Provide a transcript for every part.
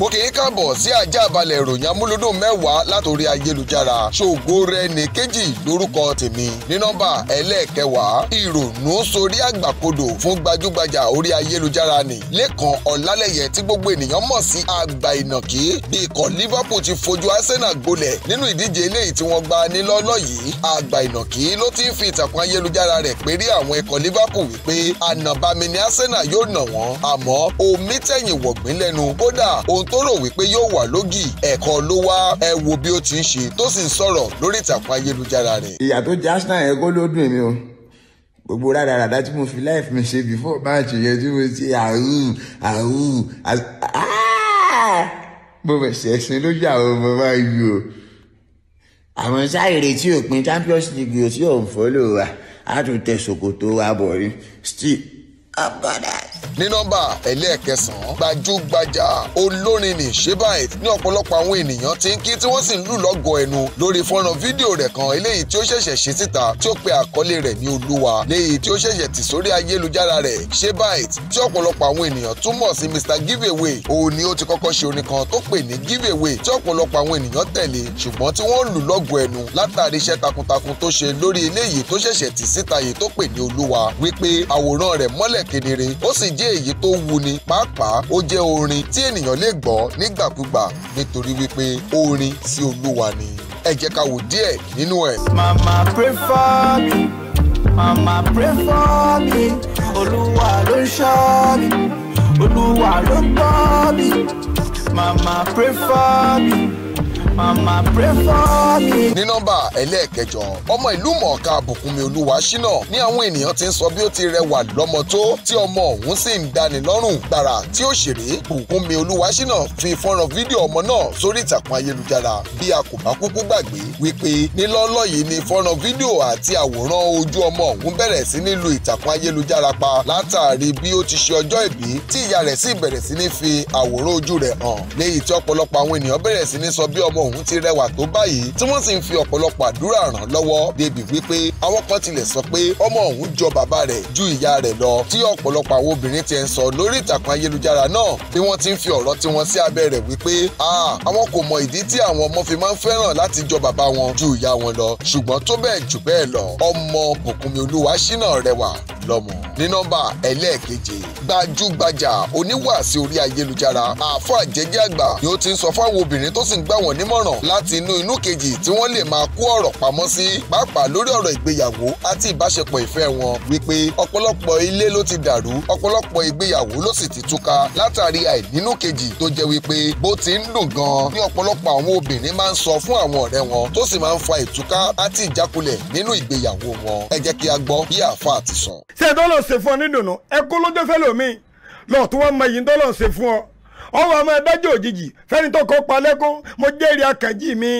mo kì í kàbọ̀ sí ajá balẹ̀ ìròyìn amúlúdùn mẹ́wàá látòrí ayélujára ṣògo rẹ ní kejì lórúkọ tèmi ní nọ́mbà ẹlẹ́ẹ̀kẹwàá ìrònú sórí àgbàkodò fún gbajúgbajà orí ayélujára nì lẹ́kàn ọ̀làlẹ̀yẹ tí gbogbo ènìyàn mọ̀ sí àgbà ìnàkí bí ikọ̀ Liverpool ti fojú Arsenal gbolẹ̀ nínú ìdíje eléyìí tí wọ́n gba ní lọ́lọ́ yìí àgbà ìnàkí ló ti ń fi ìtàkùn ayélujára rẹ̀ péré àwọn ikọ̀ Liverpool wípé ànàbàmì ni Arsenal yóò nà wọ́n àmọ́ omi tẹ̀yìn wọ̀gbìn lẹ́nu kódà ohun tó rò wípé yóò wà lógì ẹ̀kọ́ ló wá ẹ wo bí ó ti ń ṣe tó sì ń sọ̀rọ̀ lórí ìtàkùn ayélujára rẹ̀. ìyà tó jẹ́ Arsenal yẹn kó ló dùn mí o gbogbo rádaràdá tí mo fi láìfì mi ṣe before match yẹn tí mo ti àrù àrù mo bẹ̀sẹ̀ sin lójú àwọn ọmọ máa yù o àwọn sáyèrè tí òpin Champions League tí òun fọ́lò wa á tún tẹ ṣòkòtò wa bọ̀ rí still abada ní nọ́mbà ẹlẹ́ẹ̀kẹsàn-án gbajúgbajà olórin ní Shebaith ní ọ̀pọ̀lọpọ̀ àwọn ènìyàn ti ń kí tí wọ́n sì ń lù lọ́gọ̀ ẹnu lórí fọ́nrán fídíò rẹ̀ kan eléyìí tí ó ṣẹ̀ṣẹ̀ ṣe síta tí ó pe àkọlé rẹ̀ ní olúwa léyìí tí ó ṣẹ̀ṣẹ̀ tì sórí ayélujára rẹ̀ Shebaith tí ọ̀pọ̀lọpọ̀ àwọn ènìyàn túmọ̀ sí Mr Giveaway òun ni ó ti kọ́kọ́ ṣe orin kan tó pè ní Giveaway tí ọ̀pọ̀lọpọ̀ àwọn ènìyàn tẹ̀lé ṣùgbọ́n tí wọ́n lù lọ́gọ̀ ẹnu látàrí iṣẹ́ takuntakun tó ṣe lórí eléyìí tó ṣẹ̀ṣẹ̀ tì síta yìí tó pè ní olúwa wípé àwòrán rẹ̀ jẹ́ èyí tó wuni pàápàá ó jẹ́ orin tí ènìyàn lè gbọ́ nígbàkúgbà nítorí wípé orin sí Olúwa ni ẹ jẹ́ ká wò díẹ̀ nínú ẹ̀. mama pray for me mama pray for me Olúwa ló ń ṣọ́ mi Olúwa ló ń gbọ́ mi mama pray for me. Mama pray for me. ní nọ́mbà ẹlẹ́ẹ̀kẹjọ ọmọ ìlú mọ̀ọ́ká Bùkúnmi Olúwaṣínà ní àwọn ènìyàn ti ń sọ bí ó ti rẹwà lọ́mọ tó tí ọmọ ọ̀hún sì ń dani lọ́rùn gbàrà tí òṣèré Bùkúnmi Olúwaṣínà fi fọ́nrán fídíò ọmọ náà sórí ìtàkùn ayélujára bí a kò bá kúkú gbàgbé wípé nílọ́lọ́ yìí ni fọ́nrán fídíò àti àwòrán ojú ọmọ ọ̀hún bẹ̀rẹ̀ sí ní lu ìtàkùn ayélujára pa látàrí bí ó ti ṣe ọjọ́ ìbí tí ìyá rẹ̀ sì bẹ̀rẹ̀ sí ní fi àwòrán ojú rẹ̀ hàn léyìí tí ọ̀pọ̀lọpọ̀ àwọn ènìyàn bẹ̀rẹ̀ sí ní sọ bí ọmọ ọ̀hún ti rẹwà tó báyìí tí wọ́n sì ń fi ọ̀pọ̀lọpọ̀ àdúrà ràn lọ́wọ́ débi wípé àwọn kan tilẹ̀ sọ pé ọmọ ọ̀hún jọ bàbá rẹ̀ ju ìyá rẹ̀ lọ tí ọ̀pọ̀lọpọ̀ àwọn obìnrin ti ń sọ lórí ìtàkùn ayélujára náà bí wọ́n ti ń fi ọ̀rọ̀ tí wọ́n sí abẹ́ rẹ̀ wípé àwọn kò mọ ìdí tí àwọn ọmọ fi máa ń fẹ́ràn láti jọ bàbá wọn ju ìyá wọn lọ ṣùgbọ́n tó bẹ́ẹ̀ jù bẹ́ẹ̀ lọ ọmọ Bùkúnmi Olúwaṣínà rẹwà lọ́mọ. ní nọ́mbà ẹlẹ́ẹ̀keje gbajúgbajà oníwàásí orí ayélujára àfọ àjẹjẹ àgbà ni ó ti ń sọ fáwọn obìnrin tó sì ń gbà wọ́n nímọ̀ràn láti inú inú kejì tí wọ́n lè máa kó ọ̀rọ̀ pamọ́ sí pàápàá lórí ọ̀rọ̀ ìgbéyàwó àti ìbáṣepọ̀ ìfẹ́ wọn wípé ọ̀pọ̀lọpọ̀ ilé ló ti dàrú ọ̀pọ̀lọpọ̀ ìgbéyàwó ló sì ti túká látàrí àìnínú kejì tó jẹ́ wípé bó ti ń dùn gan-an ní ọ̀pọ̀lọpọ̀ àwọn obìnrin máa ń sọ fún àwọn ọ̀rẹ́ wọn tó sì máa ń fa ìtúká àti ìjákulẹ̀ nínú ìgbéyàwó wọn ẹ jẹ́ kí a gbọ́ bí àáfàá ti sọ ṣé ẹ tọ́lọ̀ ṣe fún ọ nídùnnú ẹ kó lójó fẹ́ lómi lọ́ọ̀tún wọn mọ èyí tọ́lọ̀ ṣe fún ọ ọwọ́ ọmọ ẹ̀dájọ́ òjijì fẹ́ni tó kọ́ pa lẹ́kún mo jẹ́rìí akànjí mi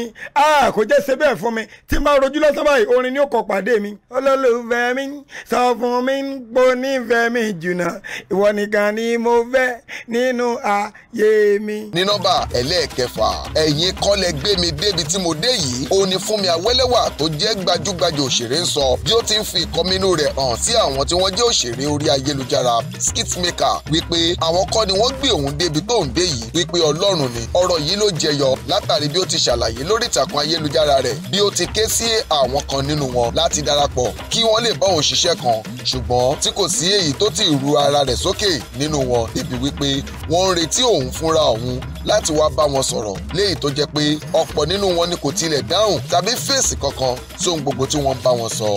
kò jẹ́ ṣe bẹ́ẹ̀ fún mi tí n bá rojú lọ́sàn báyìí orin ni ó kọ pàdé mi. olólùfẹ́ mi sọ fún mi ń po nífẹ̀ẹ́ mi jùnà ìwọ nìkan ni mo fẹ́ nínú ayé mi. ní nọ́mbà ẹlẹ́ẹ̀kẹfà ẹ̀yin kọ́lẹ̀ gbé mi débi tí mo dé yìí ó ní Fúnmi Awẹ́lẹ́wà tó jẹ́ gbajúgbajù òṣèré ń sọ bí ó ti ń fi ìkọminú rẹ̀ hàn sí àwọn tí wọ́n jẹ́ òṣèré orí ayélujára skitmaker wípé àwọn kọ́ ni wọ́n gbé òun débi tó ń gbé yìí wípé ọlọ́run ni ọ̀rọ̀ yìí ló jẹyọ látàrí bí ó ti ṣàlàyé lórí ìtàkùn ayélujára rẹ̀ bí ó ti ké sí àwọn kan nínú wọn láti darapọ̀ kí wọ́n lè bá òun ṣiṣẹ́ kan ṣùgbọ́n tí kò sí èyí tó ti ru ara rẹ̀ sókè nínú wọn débi wípé wọ́n ń retí òun fúnra òun láti wá bá wọn sọ̀rọ̀ léyìí tó jẹ́ pé ọ̀pọ̀ nínú wọn ni kò tilẹ̀ dáhùn tàbí fèsì kankan sóhun gbogbo tí wọ́n bá wọn sọ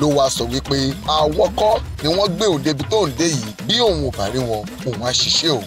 ló wá sọ wípé àwọn ni wọ́n gbé òun débi tó ń dé yìí bí òun ò bá rí wọn òun á ṣiṣẹ́ òun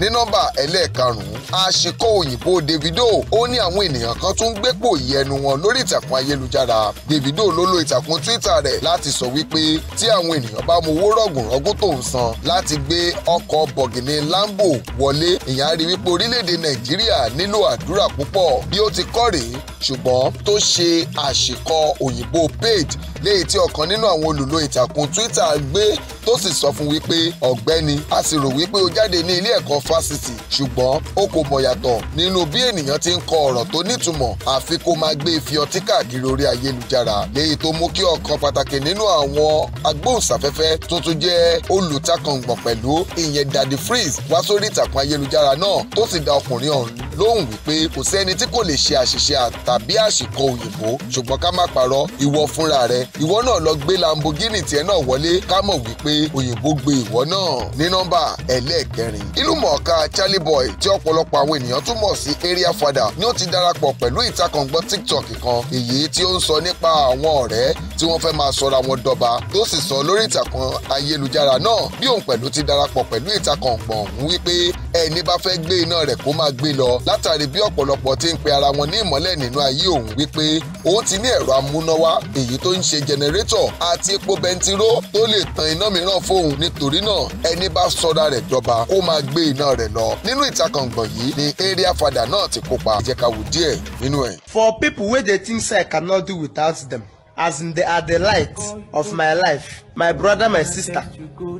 ní nọ́mbà ẹlẹ́ẹ̀karùn-ún àṣekọ òyìnbó Davido ó ní àwọn ènìyàn kan tún gbépò ìyẹnu wọn lórí ìtàkùn ayélujára Davido ló lo ìtàkùn Twitter rẹ̀ láti sọ wípé tí àwọn ènìyàn bá mọ owó rọ̀gùnrọ̀gùn tó ń san láti gbé ọkọ̀ bọ̀gìnì Lambo wọlé ìyẹn á rí wípé orílẹ̀-èdè Nàìjíríà nílò àdúrà púpọ̀ bí ó ti kọ́ rèé ṣùgbọ́n tó ṣe àṣìkọ òyìnbó page léyìí tí ọ̀kan nínú àwọn olùlò ìtàkùn Twitter gbé tó sì sọ fún wípé ọ̀gbẹ́ni a sì rò wípé o jáde ní ilé ẹ̀kọ́ fásitì ṣùgbọ́n o kò mọ̀ yàtọ̀ nínú bí ènìyàn ti ń kọ ọ̀rọ̀ tó nítumọ̀ àfi kó máa gbé ife ọtí káàkiri orí ayélujára léyìí tó mú kí ọ̀kan pàtàkì nínú àwọn agbóhùnsáfẹ́fẹ́ tuntun jẹ́ olùtakàngbọ̀n pẹ̀lú ìyẹn Daddy Freeze wá sórí ìtàkùn ayélujára náà tó sì da ọkùnrin ọ̀hún lóhùn wípé kò sẹ́ni tí kò lè ṣe àṣìṣe tàbí àṣìkọ òyìnbó ṣùgbọ́n ká má parọ́ ìwọ fúnra rẹ ìwọ náà lọ gbé Lamborghini tiẹ̀ náà wọlé ká mọ̀ wípé òyìnbó gbé ìwọ náà ní nọ́mbà ẹlẹ́ẹ̀kẹrin ìlúmọ̀ọ́ká Charlie Boy tí ọ̀pọ̀lọpọ̀ àwọn ènìyàn tún mọ̀ sí area father ni ó ti darapọ̀ pẹ̀lú ìtakọ̀ngbọ́n TikTok kan èyí tí ó ń sọ nípa àwọn ọ̀rẹ́ tí wọ́n fẹ́ máa sọra wọn dọba tó sì sọ lórí ìtàkùn ayélujára náà bí òun pẹ̀lú ti darapọ̀ pẹ̀lú ìtakọ̀ngbọ̀n wípé ẹni bá fẹ́ gbé iná rẹ̀ kó máa gbé lọ látàrí bí ọ̀pọ̀lọpọ̀ ti ń pe ara wọn ní ìmọ́lẹ̀ nínú ayé òun wípé òun ti ní ẹ̀rọ amúnáwá èyí tó ń ṣe jẹnẹrétọ̀ àti epo bẹntiró tó lè tan iná mìíràn fóun nítorí náà ẹni bá sọra rẹ̀ jọba kó máa gbé iná rẹ̀ lọ nínú ìtakàngbọ̀n yìí ni area father náà ti kópa ìjẹ́kawò díẹ̀ nínú ẹ̀. for people wey dey think say i cannot do without them as in they are the light of my life my brother my sister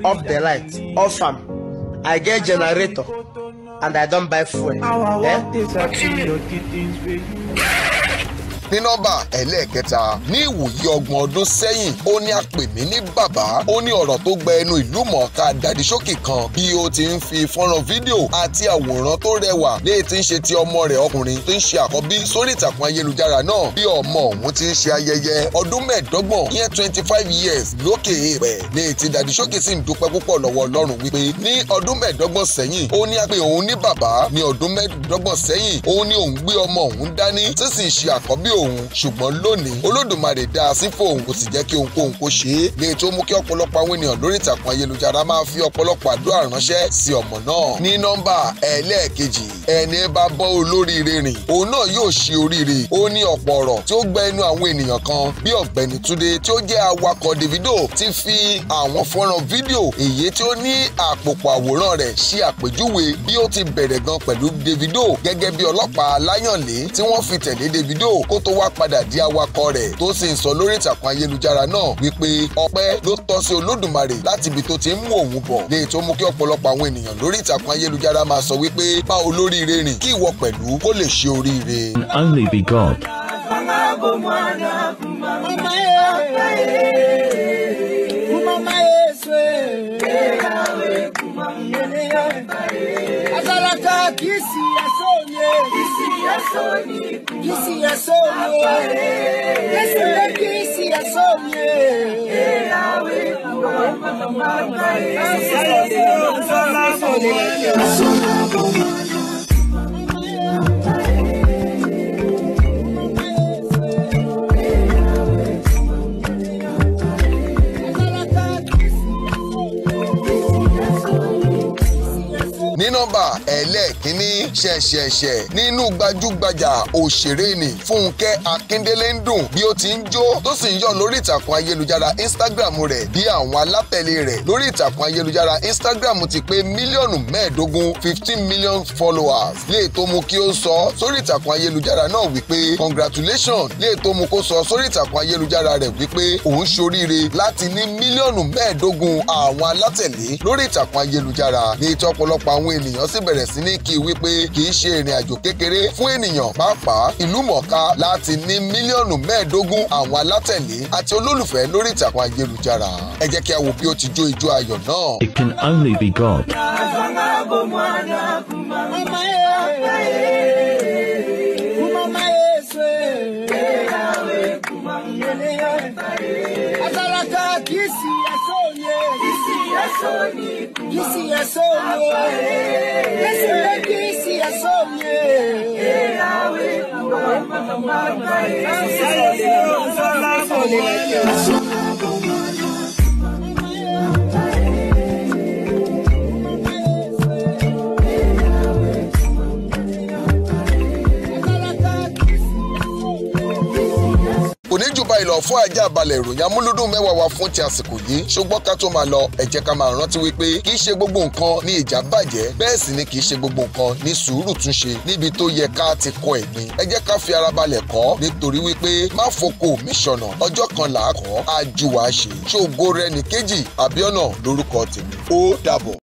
off the light off am i get generator and I don't buy food. Eh? ní nọ́mbà ẹlẹ́ẹ̀kẹta ní ìwòye ọgbọ̀n ọdún sẹ́yìn ó ní a pè mí ní bàbá ó ní ọ̀rọ̀ tó gba ẹnu ìlú mọ̀ọ́ká dàdísókè kan bí ó ti ń fi fọ́nrán fídíò àti àwòrán tó rẹwà lé e ti ń ṣe ti ọmọ rẹ̀ ọkùnrin tó ń ṣe àkọ́bí sórí ìtàkùn ayélujára náà bí ọmọ òun ti ń ṣe ayẹyẹ ọdún mẹ́ẹ̀ẹ́dọ́gbọ̀n ìyẹn twenty five years lókè èèpẹ̀ lé e ti dàdísókè sì ń dúpẹ́ púpọ̀ lọ́wọ́ ọlọ́run wípé ní ọdún mẹ́ẹ̀ẹ́dọ́gbọ̀n sẹ́yìn ó ní a pè òun ní bàbá ní ọdún mẹ́ẹ̀ẹ́dọ́gbọ̀n sẹ́yìn ó ní òun gbé ọmọ òun dání tí sì ń ṣe àkọ́bí òun ṣùgbọ́n lónìí olódùmarè dá a sí fóun kò sì jẹ́ kí ohunkóhun kó ṣe é lè tó mú kí ọ̀pọ̀lọpọ̀ àwọn ènìyàn lórí ìtàkùn ayélujára máa fi ọ̀pọ̀lọpọ̀ àdúrà ránṣẹ́ sí ọmọ náà ní nọ́mbà ẹlẹ́ẹ̀kejì ẹni bá bọ́ olóríire rìn òun náà yóò ṣe oríire ó ní ọ̀pọ̀ ọ̀rọ̀ tí ó gbẹ ẹnu àwọn ènìyàn kan bí ọ̀gbẹ́ni Túndé tí ó jẹ́ awakọ̀ Davido ti fi àwọn fọ́nrán fídíò èyí tí ó ní àpòpọ̀ àwòrán rẹ̀ ṣe àpèjúwe bí ó ti bẹ̀rẹ̀ gan pẹ̀lú Davido gẹ́gẹ́ bí ọlọ́pàá Láyọ̀nlé tí wọ́n fi tẹ̀lé Davido kó tó wá padà di awakọ̀ rẹ̀ tó sì ń sọ lórí ìtàkùn ayélujára náà wípé ọpẹ́ ló tọ́ sí olódùmarè láti ibi tó ti ń mú òun bọ̀ lè tó mú kí ọ̀pọ̀lọpọ̀ àwọn ènìyàn lórí ìtàkùn ayélujára máa sọ wípé bá olóríire rìn kí ìwọ pẹ̀lú kó lè ṣe oríire. Only be God. Kisi ya sonye, kisi ya sonye. You see sonye Yesu ya kisi ya sonye Asuna bomba ní nọ́mbà ẹlẹ́ẹ̀kínní ṣẹ̀ṣẹ̀ṣẹ̀ nínú gbajúgbajà òṣèré ni Fúnkẹ́ Akíndélé ń dùn bí ó ti ń jó tó sì ń yọ̀ lórí ìtàkùn ayélujára Instagram rẹ̀ bí àwọn alátẹ̀lé rẹ̀ lórí ìtàkùn ayélujára Instagram ti pé mílíọ̀nù mẹ́ẹ̀ẹ́dógún fifteen million followers lè tó mú kí ó sọ sórí ìtàkùn ayélujára náà wípé congratulations lè tó mú kó sọ sórí ìtàkùn ayélujára rẹ̀ wípé òun ṣoríire láti ní mílíọ̀nù mẹ́ẹ̀ẹ́dógún àwọn alátẹ̀lé lórí ìtàkùn ayélujára ní ìtọ́pọ̀lọpọ̀ àwọn ènìyàn sì bẹ̀rẹ̀ sí ní kí wípé kì í ṣe ìrìn àjò kékeré fún ènìyàn pàápàá ìlú mọ̀ọ́ká láti ní mílíọ̀nù mẹ́ẹ̀ẹ́dógún àwọn alátẹ̀lé àti olólùfẹ́ lórí ìtàkùn ayélujára ẹ jẹ́ kí a wò bí ó ti jó ijó ayọ̀ náà. It can only be God. Kisi ya sonye Yesu ya I ya sonye I ya sonye ọ̀nà fún àjàbalẹ̀ ìròyìn amúlúdùn mẹ́wàá wa fún ti àsìkò yìí ṣùgbọ́n ká tó máa lọ ẹ jẹ́ ká máa rántí wípé kì í ṣe gbogbo nǹkan ni ìjà bàjẹ́ bẹ́ẹ̀ sì ni kì í ṣe gbogbo nǹkan ni sùúrù tún ṣe níbi tó yẹ ká ti kọ ẹ̀gbin ẹ ká fi ara balẹ̀ kọ́ nítorí wípé má foko mi ṣọ̀nà ọjọ́ kan là á kọ́ á ju wàá ṣe ṣògo rẹ̀ nìkejì àbíọ́nà lórúkọ tèmi ó dàbọ̀.